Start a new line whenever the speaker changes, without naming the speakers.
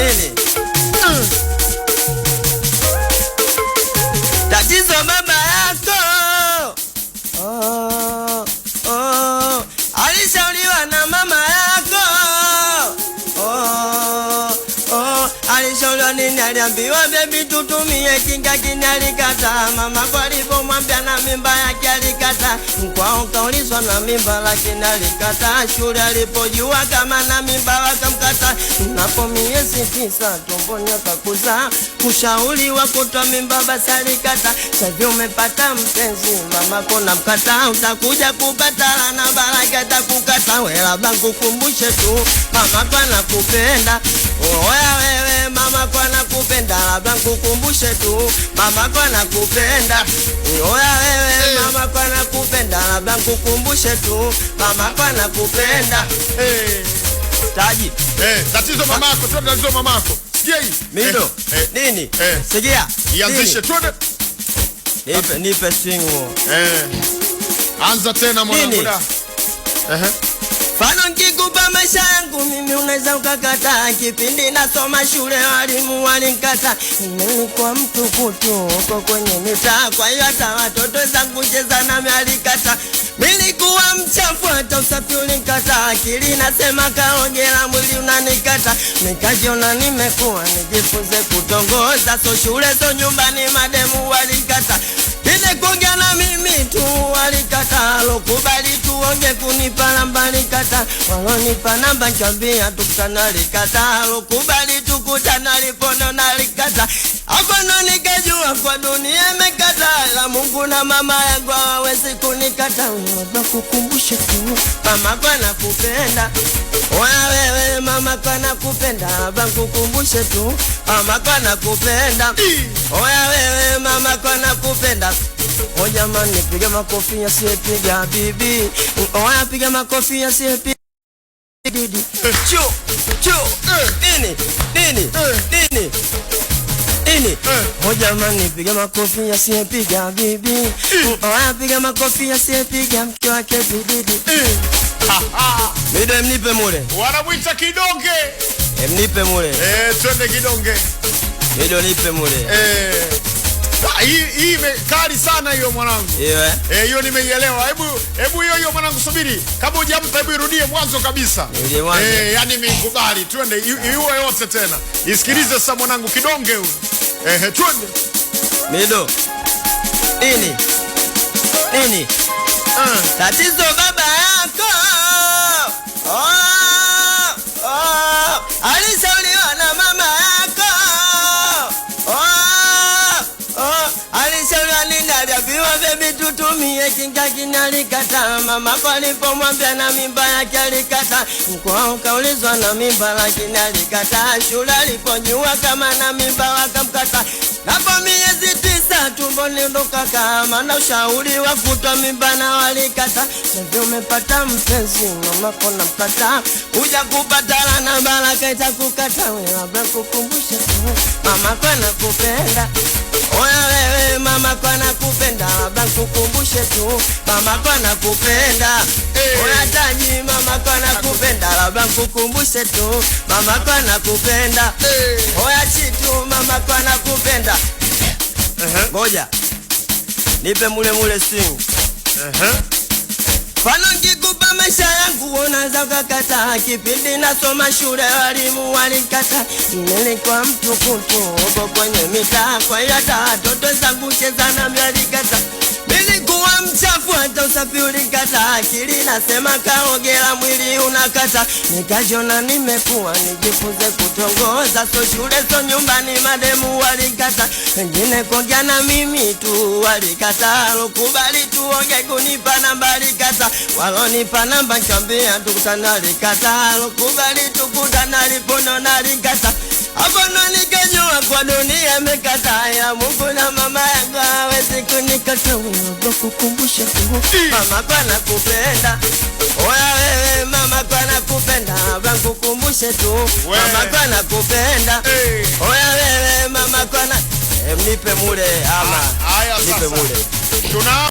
in it. Mm. That is a Naliambiwa bebi, tutumie kinga, kinalikata mama mwambia na mimba yake alikata. Mkwao kaulizwa na mimba, lakini alikata. Shule alipojua kama na mimba wakamkata. Napo miezi tisa tumboni akakuzaa, wa kutoa mimba, basi alikata. Sahivi umepata mpenzi, mama kona mkata, utakuja kupata na baraka takukata. Wela bangu kumbushe tu, mama kwana kupenda oya wewe nikukumbushe tu, mama kwa nakupenda Oya wewe, eh. mama kwa nakupenda labda nikukumbushe tu, mama mamako anakupenda. Hey. Eh. Taji.
Eh, tatizo mamako, tuna tatizo mamako. Sikia hii.
Mido. Eh, eh, nini? Eh. Sikia.
Ianzishe tuende.
Nipe, nipe swing huo.
Eh. Anza tena mwanangu.
Ehe. Mfano nkikupa maisha yangu mimi unaweza ukakata Kipindi nasoma shule walimu walinkata, nilikuwa mtu kutu huko kwenye mitaa, kwa hiyo hata watoto zangu cheza nami alikata. Nilikuwa mchafu hata usafi ulinkata, akili nasema kaongela, mwili unanikata. Nikajiona nimekuwa nijifunze kutongoza, so shule so nyumbani mademu walinkata Ningekuja na mimi tu walikata kubali tuonge kunipa namba likata walonipa namba nchambia tukutana likatalo kubali tukutana lipono na likata hapo nikajua kwa dunia imekata la Mungu na mama yangu uwezi kunikata, kukumbushe tu mama kana kupenda wewe, mama kana kupenda bankukumbushe tu mama kana kupenda wewe, mama kana kupenda o oh, jamani, piga makofi yasiyepiga bibi, oya piga makofi yasiyepiga
didi, cho cho eh, nini nini nini nini
Oh jamani, piga makofi asiyepiga bibi, oh piga makofi asiyepiga mke wake bididi. Mm. Mida mnipe mule,
wanamwita kidonge,
eh, mnipe mule,
eh, twende kidonge,
mida nipe mule,
eh ah, hii hii imekali sana hiyo mwanangu. Hiyo eh? eh. hiyo nimeielewa. Hebu hebu hiyo hiyo mwanangu subiri. Kabla hujampa hebu irudie mwanzo kabisa. Irudie mwanzo. Eh, yani nimekubali. Tuende hiyo yote tena. Isikilize sasa mwanangu kidonge huyu. Ehe, twende
Mido. Nini? Nini? Ah, tatizo kinga kingaki alikata, mama palipomwambia na mimba yake alikata, mkoa ukaulizwa na mimba lakini alikata, shule alipojua kama na mimba wakamkata, hapo miezi tisa tumbo ndo kaka, maana ushauri kutwa mimba na walikata, sasa umepata mpenzi mama kona mkata, kuja kupatana na baraka itakukata, wewe labda kukumbusha mama kona kupenda Moyo wewe mama kwana kupenda, labda nikukumbushe tu mama kwana kupenda unataji eh. hey. Mama kwana kupenda, labda nikukumbushe tu mama kwana kupenda eh. Oya chitu mama kwana kupenda uh-huh. ngoja Nipe mule mule swing uh -huh maisha yangu wanaza ukakataa. Kipindi nasoma shule walimu walikata, nilikuwa mtukutu huko kwenye mitaa, kwa watoto zangu cheza na mialikata usafiri kata, akili nasema kaogela, mwili unakata. Nikajona nimekuwa nijifunze kutongoza, so shule so nyumbani, mademu walikata, wengine kuongea na mimi tu walikata, lokubali tuonge kunipa namba likata, walonipa namba nchambia tukutana likata, lokubali tukutana liponona likata, hapo ndo nikajua kwa dunia mekata ya Mungu na mama Nikata uongo kukumbusha kuhu Mama kwa nakupenda Oya wewe mama kwa nakupenda Blanku kumbushe tu Mama kwa nakupenda Oya wewe mama kwa nakupenda eh, Mnipe mule ama
Nipe ah, ah, mule